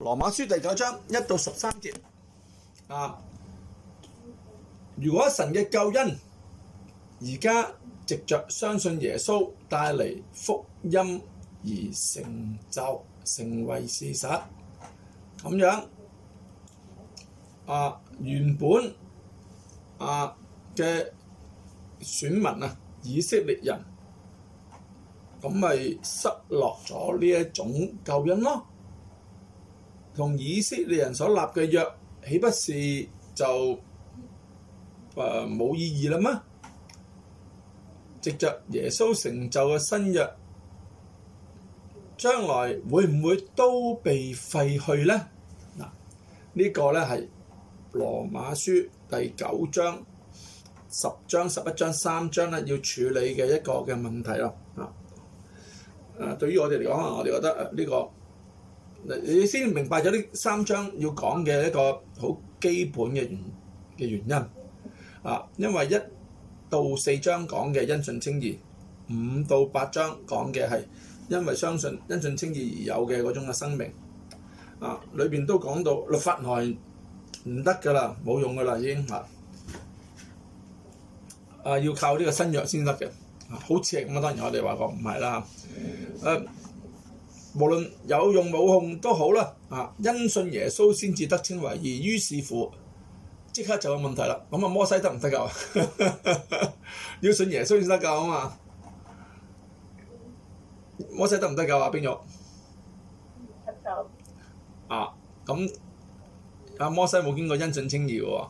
羅馬書第九章一到十三節啊，如果神嘅救恩而家藉着相信耶穌帶嚟福音而成就成為事實，咁樣啊原本啊嘅選民啊以色列人，咁咪失落咗呢一種救恩咯。同以色列人所立嘅約，豈不是就冇、呃、意義啦嗎？藉著耶穌成就嘅新約，將來會唔會都被廢去呢？這個、呢個咧係羅馬書第九章、十章、十一章三章咧，要處理嘅一個嘅問題咯。啊，誒，對於我哋嚟講，可能我哋覺得呢、這個。你你先明白咗呢三章要講嘅一個好基本嘅原嘅原因啊，因為一到四章講嘅因信稱義，五到八章講嘅係因為相信因信稱義而有嘅嗰種嘅生命啊，裏邊都講到律法內唔得噶啦，冇用噶啦已經啊啊，要靠呢個新約先得嘅，好似係咁啊，當然我哋話過唔係啦，誒。無論有用冇用都好啦，啊，因信耶穌先至得稱為義，於是乎即刻就有問題啦。咁啊，摩西得唔得救？ 要信耶穌先得救啊嘛。摩西得唔得救啊？冰玉。啊，咁、嗯、阿、嗯嗯嗯嗯、摩西冇經過因信稱義喎。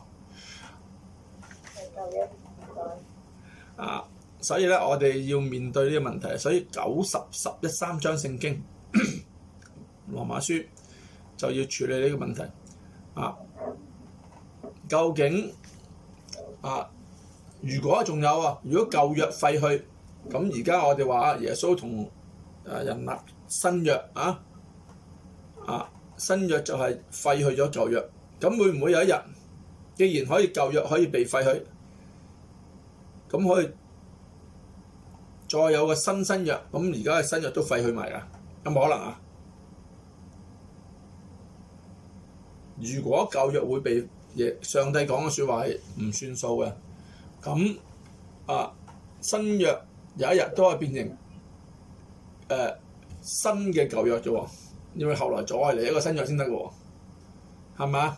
啊，所以咧，我哋要面對呢個問題，所以九十十一三章聖經。羅 馬書就要處理呢個問題啊！究竟啊，如果仲有啊，如果舊約廢去，咁而家我哋話、啊、耶穌同啊人立新約啊啊新約就係廢去咗舊約，咁會唔會有一日，既然可以舊約可以被廢去，咁可以再有個新新約，咁而家嘅新約都廢去埋啊。有冇可能啊！如果舊約會被上帝講嘅説話係唔算數嘅，咁啊新約有一日都可以變成誒、啊、新嘅舊約啫喎，因為後來再嚟一個新約先得嘅喎，係咪啊？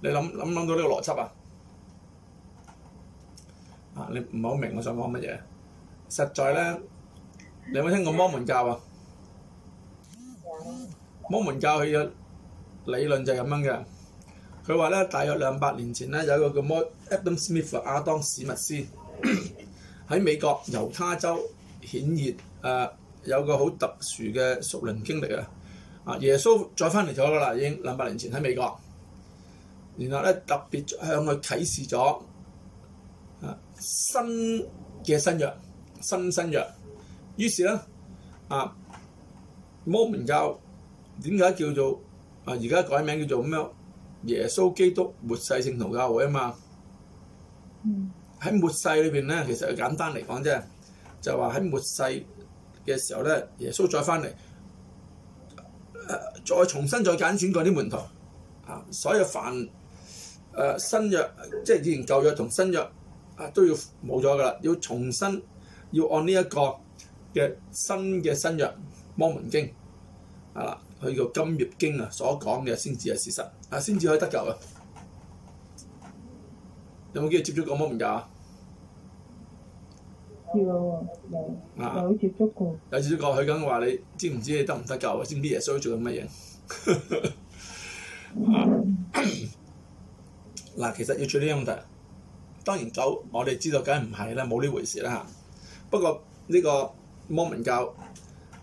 你諗諗唔諗到呢個邏輯啊？啊，你唔係好明我想講乜嘢？實在咧，你有冇聽過摩門教啊？摩門教佢嘅理論就係咁樣嘅，佢話咧大約兩百年前咧，有一個叫摩 Adam Smith 阿當史密斯喺 美國猶他州顯熱誒，有個好特殊嘅屬靈經歷啊！啊，耶穌再翻嚟咗噶啦，已經兩百年前喺美國，然後咧特別向佢啟示咗、啊、新嘅新約新新約，於是咧啊。摩門教點解叫做啊？而家改名叫做咩？耶穌基督末世聖徒教會啊嘛。喺末世裏邊咧，其實簡單嚟講啫，就話、是、喺末世嘅時候咧，耶穌再翻嚟，誒、呃、再重新再揀選過啲門徒啊，所有凡誒、呃、新約即係以前舊約同新約啊都要冇咗噶啦，要重新要按呢一個嘅新嘅新約摩門經。係啦，佢、啊、個《金葉經》啊所講嘅，先至係事實啊，先至可以得救嘅。有冇機會接觸過摩門教啊？有接觸過，有接觸過佢咁話，你知唔知？你得唔得救啊？知唔知耶穌做緊乜嘢，嗱，其實要做呢樣嘢，當然救我哋知道，梗係唔係啦，冇呢回事啦吓、啊。不過呢個摩門教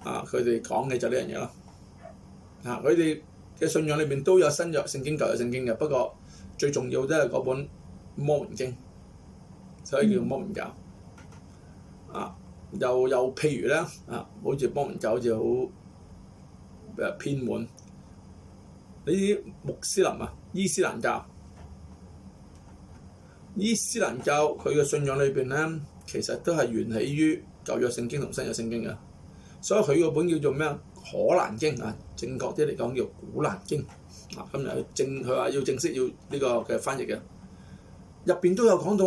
啊，佢哋講嘅就呢樣嘢咯。啊！佢哋嘅信仰裏邊都有新約聖經，舊約聖經嘅。不過最重要都係嗰本《摩門經》，所以叫摩門教。啊！嗯、又又譬如咧，啊，好似摩門教好似好誒偏門。呢啲穆斯林啊，伊斯蘭教，伊斯蘭教佢嘅信仰裏邊咧，其實都係源起於舊約聖經同新約聖經嘅。所以佢嗰本叫做咩啊？《可蘭經》啊，正確啲嚟講叫《古蘭經》啊，咁又正佢話要正式要呢個嘅翻譯嘅，入邊都有講到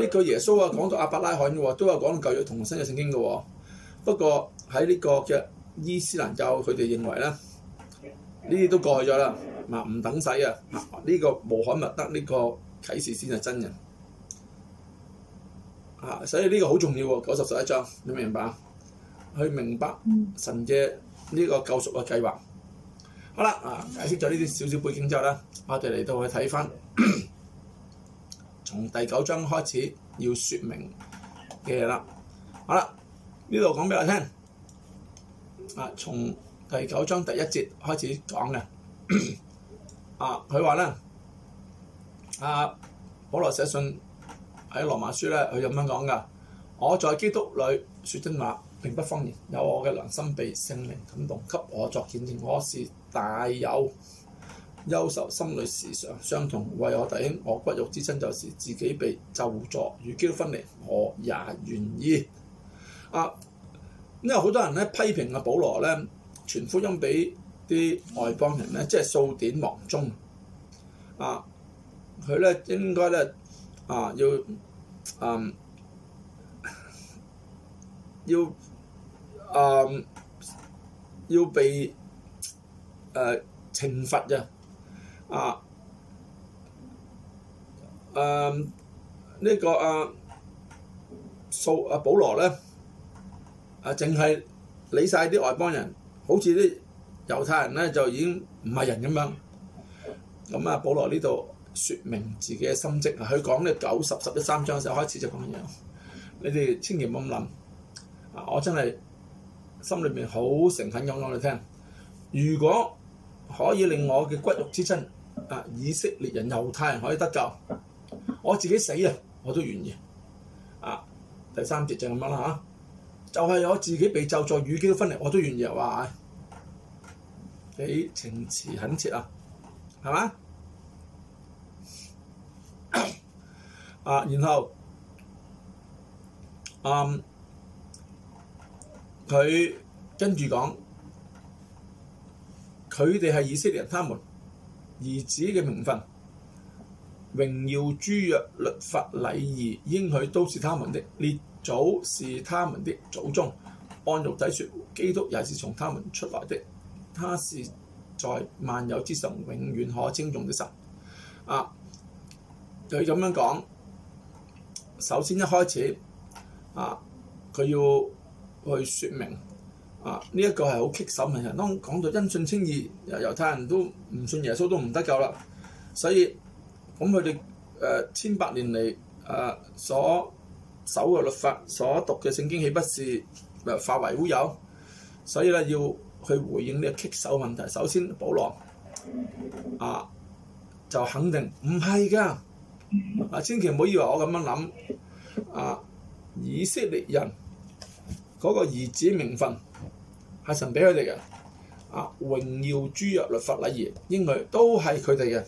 呢個耶穌啊，講到亞伯拉罕嘅喎，都有講到舊約同新約聖經嘅喎。不過喺呢個嘅伊斯蘭教佢哋認為咧，呢啲都過去咗啦，唔等使啊！呢、這個穆罕默德呢、這個啟示先係真人啊，所以呢個好重要喎。九十十一章你明白？去明白神嘅。呢個救贖嘅計劃，好啦，啊，解釋咗呢啲少少背景之後咧，我哋嚟到去睇返，從 第九章開始要説明嘅嘢啦。好啦，呢度講俾我聽，啊，從第九章第一節開始講嘅， 啊，佢話咧，啊，保羅寫信喺羅馬書咧，佢咁樣講噶，我在基督裏説真話。並不方言，有我嘅良心被聖靈感動，給我作見證。我是大有憂愁，心裏時常相同。為我弟兄，我骨肉之親就是自己被咒坐與基督分離，我也願意。啊，因為好多人咧批評阿、啊、保羅咧傳福音俾啲外邦人咧，即係數典忘宗。啊，佢咧應該咧啊要嗯要。嗯要誒、um, 要被誒、呃、懲罰嘅，啊誒呢個啊掃啊保羅咧，啊淨係、這個啊啊、理晒啲外邦人，好似啲猶太人咧就已經唔係人咁樣。咁、嗯、啊，保羅呢度說明自己嘅心跡啊，佢講呢九十十一三章嘅時候開始就咁樣，你哋千祈唔好咁諗啊！我真係～心裏面好誠懇咁講你聽，如果可以令我嘅骨肉之親啊，以色列人、猶太人可以得救，我自己死啊，我都願意。啊，第三節就咁樣啦嚇、啊，就係、是、我自己被咒詛與基督分離，我都願意話，你、啊、情詞懇切啊，係嘛？ 啊，然後啊。嗯佢跟住講，佢哋係以色列人，他們兒子嘅名分、榮耀、諸約、律法、禮儀、應許都是他們的，列祖是他們的祖宗。按肉體説，基督也是從他們出來的。他是在萬有之上永遠可稱頌的神。啊，佢咁樣講，首先一開始，啊，佢要去説明啊！呢一個係好棘手問題。當講到因信稱義，猶太人都唔信耶穌都唔得救啦。所以咁佢哋誒千百年嚟，啊所守嘅律法，所讀嘅聖經，豈不是誒化為烏有？所以咧，要去回應呢個棘手問題。首先，保羅啊就肯定唔係㗎啊！千祈唔好以為我咁樣諗啊，以色列人。嗰個兒子名分係神俾佢哋嘅，啊榮耀、諸若律法、禮儀、應許都係佢哋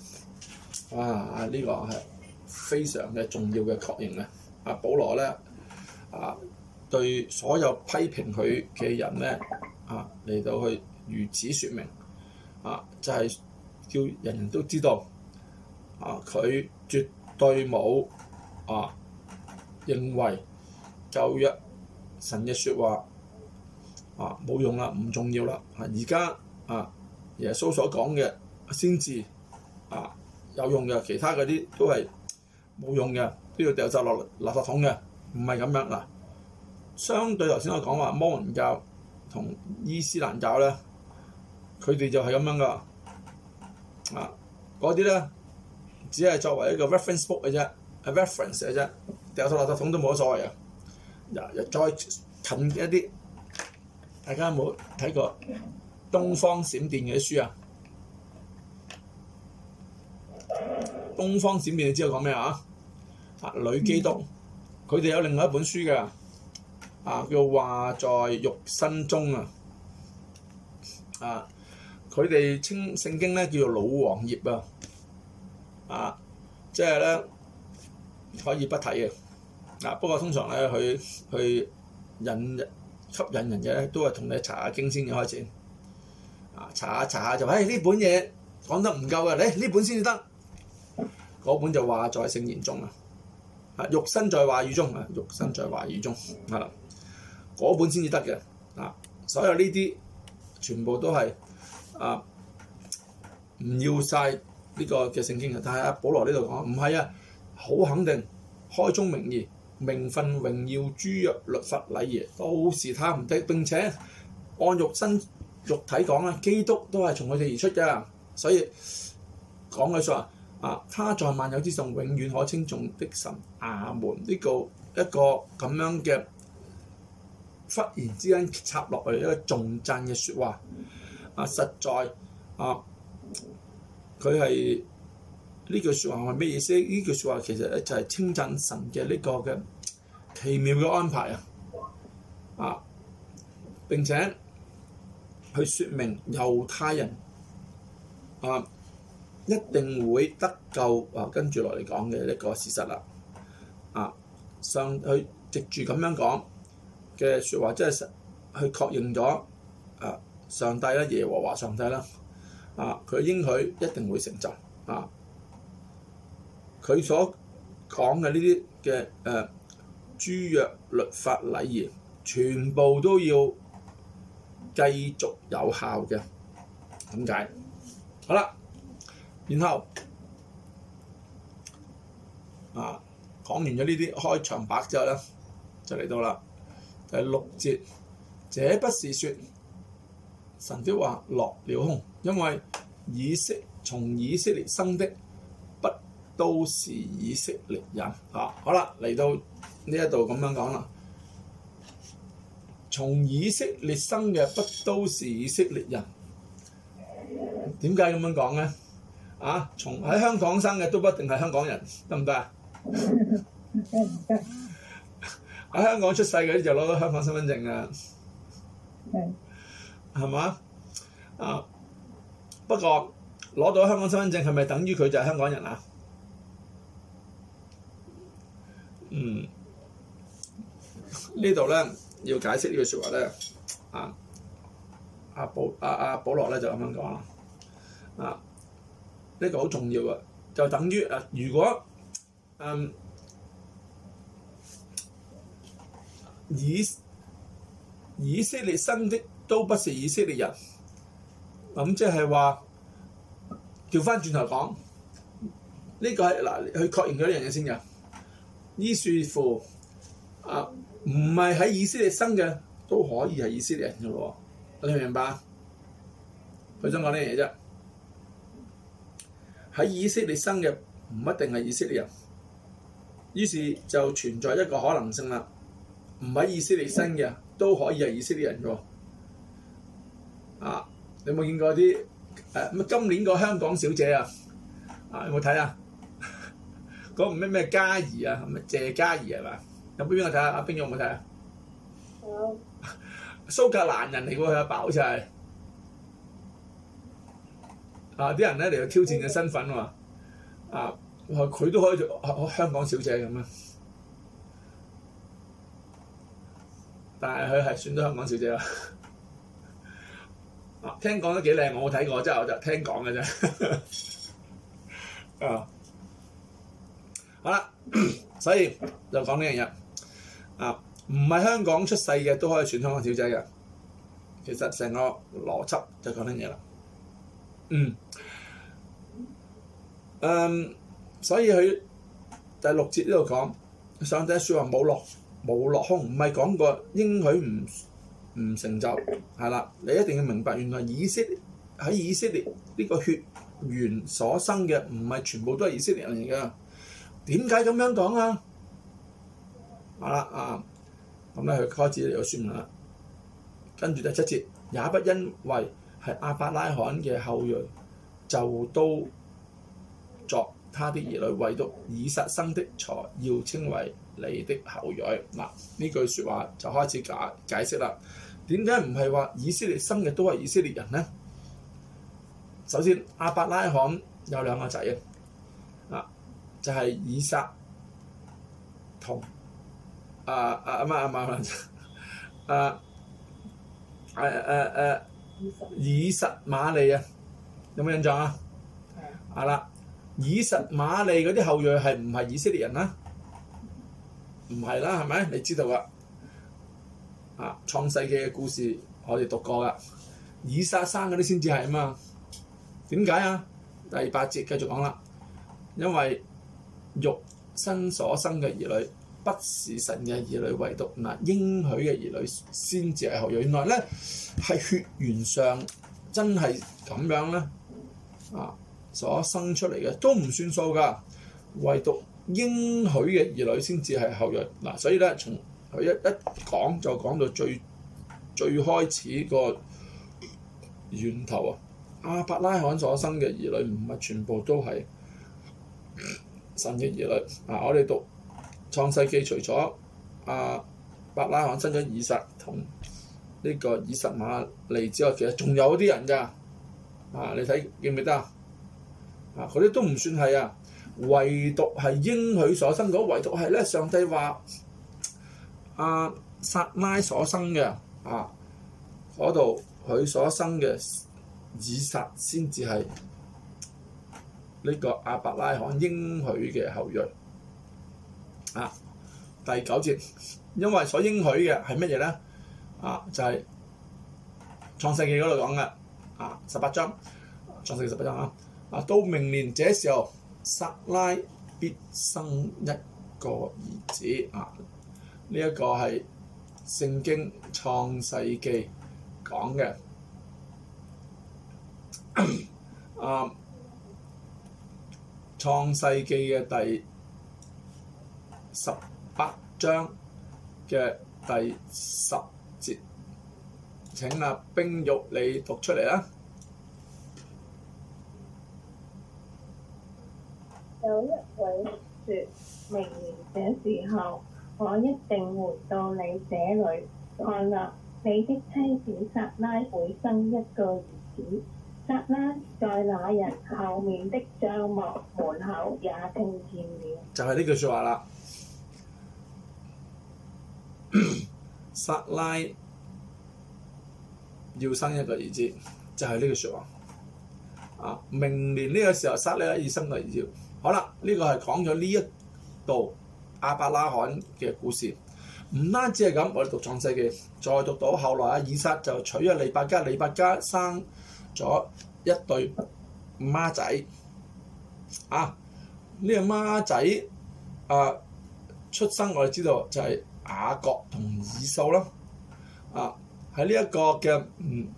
嘅，啊啊呢、這個係非常嘅重要嘅確認咧。啊，保羅咧，啊對所有批評佢嘅人咧，啊嚟到去如此説明，啊就係、是、叫人人都知道，啊佢絕對冇啊認為就一。神嘅説話啊冇用啦，唔重要啦啊！而家啊耶穌所講嘅先至啊有用嘅，其他嗰啲都係冇用嘅，都要掉晒落垃圾桶嘅，唔係咁樣嗱、啊。相對頭先我講話摩門教同伊斯蘭教咧，佢哋就係咁樣噶啊！嗰啲咧只係作為一個 re book reference book 嘅啫，reference 嘅啫，掉晒垃圾桶都冇所謂嘅。再近一啲，大家有冇睇過東、啊《東方閃電》嘅書啊，《東方閃電》你知道講咩啊？啊，女基督，佢哋有另外一本書嘅，啊叫《話在肉身中》啊，啊，佢哋稱聖經咧叫做老王業啊，啊，即係咧可以不睇嘅。嗱、啊，不過通常咧，去佢引吸引人嘅咧，都係同你查下經先至開始。啊，查下查下就，哎呢本嘢講得唔夠嘅，嚟呢本先至得。嗰本就話在聖言中啊，肉身在話語中啊，肉身在話語中係啦，嗰、啊、本先至得嘅。啊，所有呢啲全部都係啊唔要晒呢個嘅聖經嘅。但係阿保羅呢度講唔係啊，好、啊、肯定開宗明義，名分、榮耀、諸約、律法、禮儀，都是他唔得。並且按肉身、肉體講啊，基督都係從佢哋而出噶。所以講嘅説話說啊，他在萬有之上，永遠可稱頌的神，阿門。呢、這個一個咁樣嘅忽然之間插落嚟一個重鎮嘅説話啊，實在啊，佢係。呢句説話係咩意思？呢句説話其實咧就係稱讚神嘅呢個嘅奇妙嘅安排啊！啊，並且去説明猶太人啊一定會得救啊。跟住落嚟講嘅呢個事實啦，啊上佢藉住咁樣講嘅説話，即係去確認咗啊上帝啦，耶和華上帝啦，啊佢應許一定會成就啊！佢所講嘅呢啲嘅誒諸約律法禮儀，全部都要繼續有效嘅。噉解。好啦，然後啊講完咗呢啲開場白之後咧，就嚟到啦第六節。這不是說神的話落了空，因為以色列從以色列生的，都是以色列人嚇，好啦，嚟到呢一度咁樣講啦。從以色列生嘅不都是以色列人，點解咁樣講呢？啊，從喺香港生嘅都不一定係香港人，得唔得啊？得唔得？喺香港出世嘅就攞到香港身份證啦，係係嘛？啊，不過攞到香港身份證係咪等於佢就係香港人啊？嗯，呢度咧要解釋呢句説話咧，啊啊保啊啊保羅咧就咁樣講啦，啊，啊呢啊、呢個好重要啊，就等於啊如果啊以以色列生的都不是以色列人，咁、啊、即係話調翻轉頭講，呢、呢個係嗱去確認咗呢樣嘢先嘅。於是乎啊，唔係喺以色列生嘅都可以係以色列人嘅喎，你明唔明啊？佢想講呢樣嘢啫，喺以色列生嘅唔一定係以色列人，於是就存在一個可能性啦，唔喺以色列生嘅都可以係以色列人嘅。啊，你有冇見過啲誒、啊？今年個香港小姐啊，啊有冇睇啊？嗰唔咩咩嘉怡啊，係咪謝嘉怡係嘛？有冇邊個睇下？阿冰有冇睇啊？看看 Hello. 蘇格蘭人嚟過，佢阿爸好似係。啊！啲人咧嚟到挑戰嘅身份喎、啊。啊！佢都可以做、啊、香港小姐咁樣，但係佢係選咗香港小姐啦。啊！聽講都幾靚，我冇睇過，之後就聽講嘅啫。 啊！好啦， 所以就講呢樣嘢啊，唔係香港出世嘅都可以選香港小姐嘅。其實成個邏輯就講呢嘢啦。嗯，誒、嗯，所以佢第六節呢度講上帝說話冇落冇落空，唔係講過應許唔唔成就，係啦，你一定要明白，原來以色列喺以色列呢、這個血緣所生嘅，唔係全部都係以色列人嚟噶。點解咁樣講啊？好啦，咁咧佢開始有説明啦。跟住第七節，也不因為係阿伯拉罕嘅後裔，就都作他的兒女，唯獨以撒生的才要稱為你的後裔。嗱，呢句説話就開始解解釋啦。點解唔係話以色列生嘅都係以色列人咧？首先，阿伯拉罕有兩個仔啊。就係以撒同啊啊啊，啊，阿馬啊，誒誒誒以撒以實瑪利啊，啊利有冇印象啊？係啊，啦，以實瑪利嗰啲後裔係唔係以色列人啊？唔係啦，係咪？你知道噶啊？創世記嘅故事我哋讀過啦。以撒生嗰啲先至係啊嘛。點解啊？第八節繼續講啦，因為。肉身所生嘅兒女，不是神嘅兒女，唯獨嗱、啊、應許嘅兒女先至係後裔。原來咧係血緣上真係咁樣咧，啊所生出嚟嘅都唔算數噶，唯獨應許嘅兒女先至係後裔。嗱、啊，所以咧從佢一一講就講到最最開始個源頭啊，啊、亞伯拉罕所生嘅兒女唔係全部都係。神嘅兒女啊！我哋讀創世記，除咗亞伯拉罕生咗以撒同呢個以實瑪利之外，其實仲有啲人㗎啊！你睇記唔記得啊？嗰啲都唔算係啊，唯獨係應許所生嗰，唯獨係咧上帝話阿撒拉所生嘅啊，嗰度佢所生嘅以撒先至係。呢個亞伯拉罕應許嘅後裔啊，第九節，因為所應許嘅係乜嘢咧？啊，就係、是、創世記嗰度講嘅啊，十八章創世記十八章啊，啊，到明年這時候，撒拉必生一個兒子啊，呢、這、一個係聖經創世記講嘅啊。創世記嘅第十八章嘅第十節，請阿、啊、冰玉你讀出嚟啦。有一位説：明年這時候，我一定回到你這裡，看啦，你的妻子撒拉會生一個兒子。撒拉在那人後面的帳幕門口也聽見了，就係呢句說話啦。撒拉要生一個兒子，就係、是、呢句說話啊。明年呢個時候，撒拉要生個兒子。好啦，呢、這個係講咗呢一度阿伯拉罕嘅故事，唔單止係咁，我哋讀創世記再讀到後來啊，以撒就娶咗利百加，利百加生咗一對孖仔啊！呢、呢個孖仔啊，出生我哋知道就係雅各同以掃啦。啊，喺呢一個嘅嗯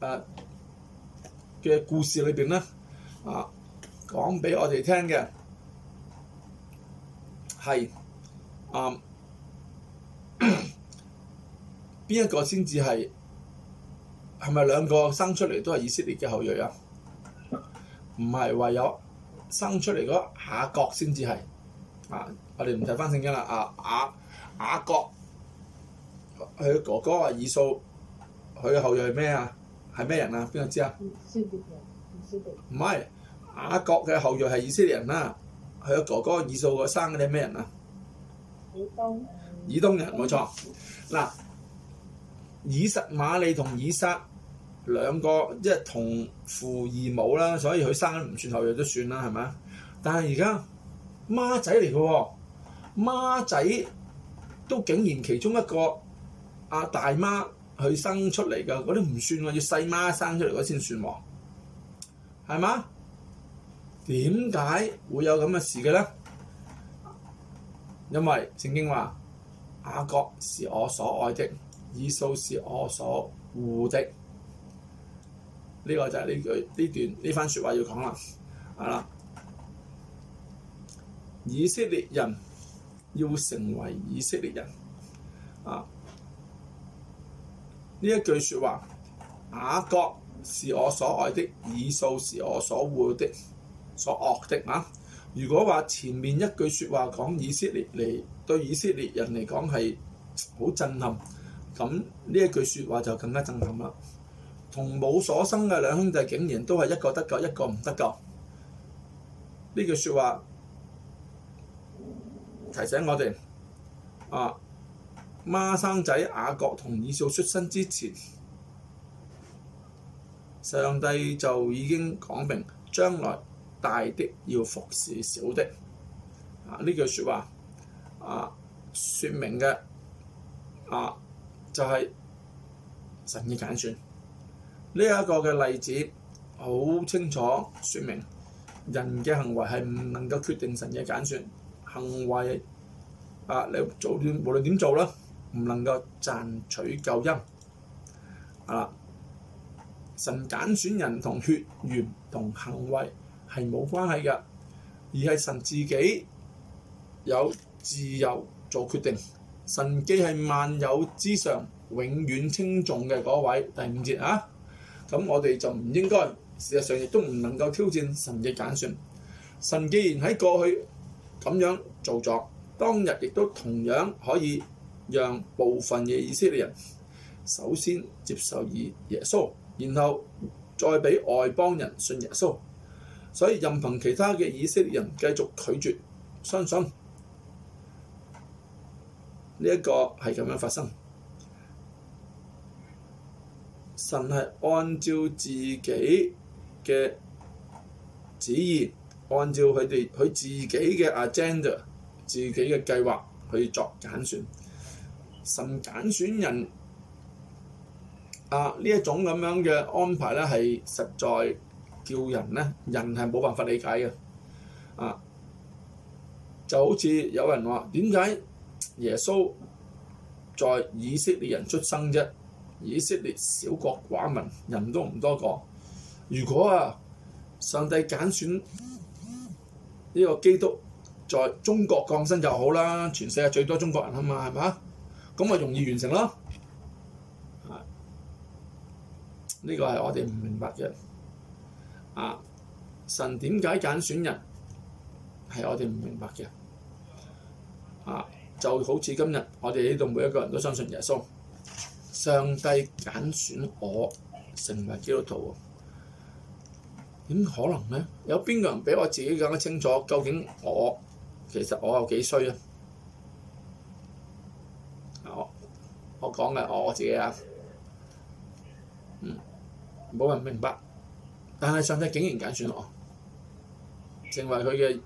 誒嘅、啊、故事裏邊咧，啊講俾我哋聽嘅係啊邊一個先至係？ 係咪兩個生出嚟都係以色列嘅後裔啊？唔係唯有生出嚟嗰雅各先至係啊！我哋唔使翻聖經啦啊！亞、啊、亞、啊、各佢哥哥啊以掃，佢後裔係咩啊？係咩人啊？邊個知啊？唔係雅各嘅後裔係以色列人啊？佢哥哥以掃生嗰啲係咩人啊？以東，嗯、以東人冇錯嗱。東以實瑪利同以撒兩個即係同父異母啦，所以佢生唔算後裔都算啦，係咪？但係而家孖仔嚟嘅喎，孖仔都竟然其中一個阿、啊、大媽佢生出嚟嘅，嗰啲唔算喎，要細媽生出嚟嗰先算喎，係嘛？點解會有咁嘅事嘅咧？因為聖經話雅各是我所愛的。以掃是我所護的，呢、這個就係呢句呢段呢番説話要講啦。係啦，以色列人要成為以色列人啊！呢一句説話，雅各是我所愛的，以掃是我所護的、所惡的啊。如果話前面一句説話講以色列嚟對以色列人嚟講係好震撼。咁呢一句説話就更加震撼啦。同母所生嘅兩兄弟竟然都係一個得救，一個唔得救。呢句説話提醒我哋啊，孖生仔雅各同以掃出生之前，上帝就已經講明，將來大的要服侍小的。啊，呢句説話啊，説明嘅啊。就係神嘅揀選，呢、這、一個嘅例子好清楚説明人嘅行為係唔能夠決定神嘅揀選，行為啊，你做點無論點做啦，唔能夠賺取救恩啊！神揀選人同血緣同行為係冇關係嘅，而係神自己有自由做決定。神既係萬有之上、永遠稱重嘅嗰位，第五節啊，咁我哋就唔應該，事實上亦都唔能夠挑戰神嘅揀選。神既然喺過去咁樣做作，當日亦都同樣可以讓部分嘅以色列人首先接受以耶穌，然後再俾外邦人信耶穌。所以任憑其他嘅以色列人繼續拒絕相信。呢一個係咁樣發生，神係按照自己嘅旨意，按照佢哋佢自己嘅 agenda、自己嘅計劃去作揀選。神揀選人啊，呢一種咁樣嘅安排咧，係實在叫人咧，人係冇辦法理解嘅。啊，就好似有人話點解？耶穌在以色列人出生啫，以色列小國寡民，人都唔多過。如果啊，上帝揀選呢個基督在中國降生就好啦，全世界最多中國人啊嘛，係嘛？咁咪容易完成咯。啊，呢個係我哋唔明白嘅。啊，神點解揀選人？係我哋唔明白嘅。啊。就好似今日我哋呢度每一個人都相信耶穌，上帝揀選我成為基督徒喎，點可能呢？有邊個人比我自己更加清楚究竟我其實我有幾衰啊？哦、我我講嘅我自己啊，嗯，冇人明白，但係上帝竟然揀選我，成為佢嘅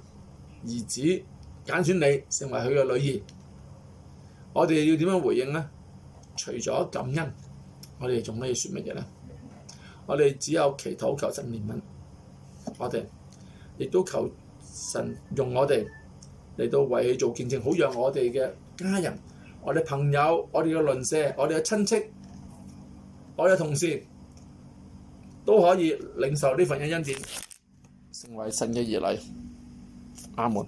兒子，揀選你成為佢嘅女兒。我哋要點樣回應呢？除咗感恩，我哋仲可以說乜嘢呢？我哋只有祈禱求神憐憫，我哋亦都求神用我哋嚟到為佢做見證，好讓我哋嘅家人、我哋朋友、我哋嘅鄰舍、我哋嘅親戚、我哋嘅同事都可以領受呢份恩恩典，成為神嘅兒女。阿門。